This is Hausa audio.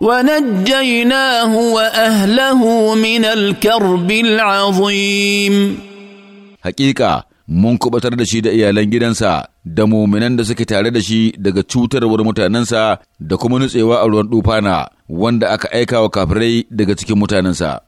ونجيناه ahlahu من الكرب العظيم Haƙiƙa, mun kubatar da shi da iyalan gidansa da muminan da suke tare da shi daga cutarwar mutanensa da kuma nutsewa a ruwan dufana wanda aka aika wa kafirai daga cikin mutanensa